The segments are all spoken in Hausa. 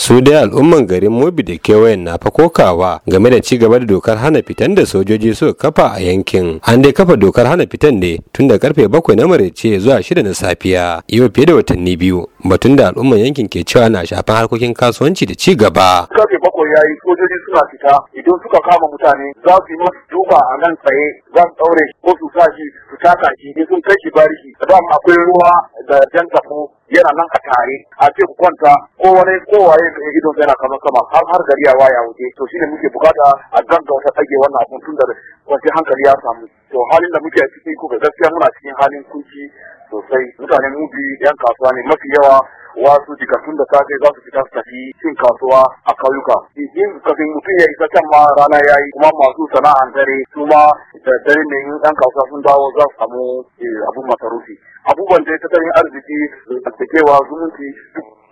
su dai al'umman garin mobi da kewayen na fa kokawa, game da ci gaba da dokar hana fitan da sojoji suka kafa a yankin an dai kafa dokar hana fitan ne tun da karfe bakwai na maraice zuwa shida na safiya yau fiye da watanni biyu batun da al'umman yankin ke cewa na shafan harkokin kasuwanci da ci gaba karfe bakwai yayi sojoji suna fita idan suka kama mutane za su yi masu duba a nan tsaye za su daure ko su sa shi su taka shi sun kai shi bariki da akwai ruwa da jan kafo yana nan a tare a ce ku kwanta ko wani kowaye da ya gidan yana kama sama har har gari ya waya wuce to shine muke bukata a ganga wata tsage wannan abun tun da kwanci hankali ya samu to halin da muke a cikin kuka gaskiya muna cikin halin kunci sosai mutane mu bi yan kasuwa ne mafi yawa wasu jika tun da safe za su fita su tafi cin kasuwa a kauyuka. Yin kafin mutum ya isa can ma rana ya yi kuma masu sana'an dare su ma da dare ne ɗan kasuwa sun dawo za su samu eh, abun masarufi abubuwan da ya tattalin arziki da zumunci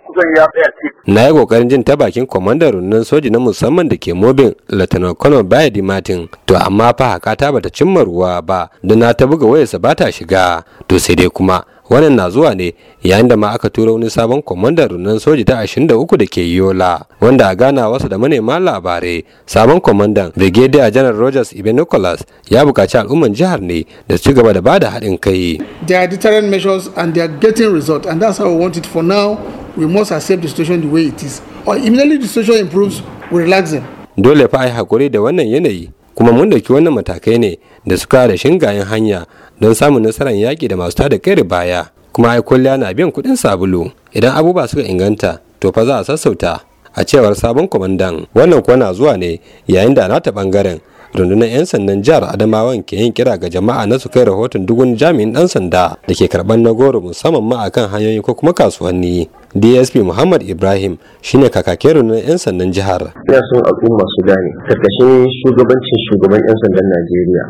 kusan ya tsaya ce. na yi kokarin jin ta bakin kwamandan rundunar soji na musamman da ke mobin latanar kwanon baya di martin to amma fa haka ta bata cimma ruwa ba don na ta buga wayarsa ba ta shiga to sai dai kuma wannan na zuwa ne yayin da ma aka tura wani sabon kwamandan rundunar soji ta 23 da ke yola wanda a gana wasu da manema labarai sabon kwamandan brigadier general rogers ibe nicholas ya buƙaci al'umman jihar ne da su gaba da bada haɗin kai they are deterrent measures and they are getting result and that's how we want it for now we must accept the situation the way it is or immediately the situation improves we relax them dole fa ai hakuri da wannan yanayi kuma mun dauki wannan matakai ne da su kare shingayen hanya don samun nasarar yaƙi da masu tada kai baya kuma ai kulliya na biyan kuɗin sabulu idan abubuwa suka inganta to fa za a sassauta a cewar sabon kwamandan wannan kuwa na zuwa ne yayin da nata bangaren rundunar 'yan sandan jihar adamawan ke yin kira ga jama'a na su kai rahoton dugun jami'in dan sanda da ke karɓar na goro musamman ma akan hanyoyi ko kuma kasuwanni dsp muhammad ibrahim shine kakakin rundunar 'yan sandan jihar ina sun al'umma su gane karkashin shugabancin shugaban 'yan sandan najeriya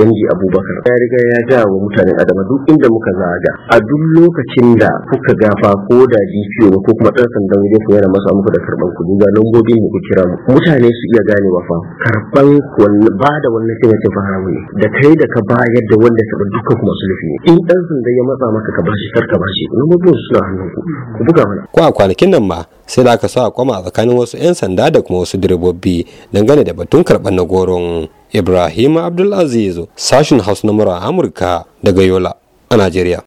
yanji eh, abubakar ya riga ya ja wa mutanen adama duk inda muka zaga a duk lokacin da kuka gafa ko da dpo ko kuma ɗan sandan waje ku yana masa muku da karɓan kuɗi ga lambobi mu ku kira mu mutane su iya gane wa fa karɓan ba da wannan taimakon fa haramu ne da kai da ka ba da wanda ka duka kuma sulfi ne in ɗan sandan ya matsa maka ka bashi kar ka bashi lambobin suna hannun ku buga mana ko a kwanakin nan ma sai da aka sa kwama tsakanin wasu 'yan sanda da kuma wasu direbobi dangane da batun karɓar na goron ibrahim abdulaziz sashin hausa na mura amurka daga yola a najeriya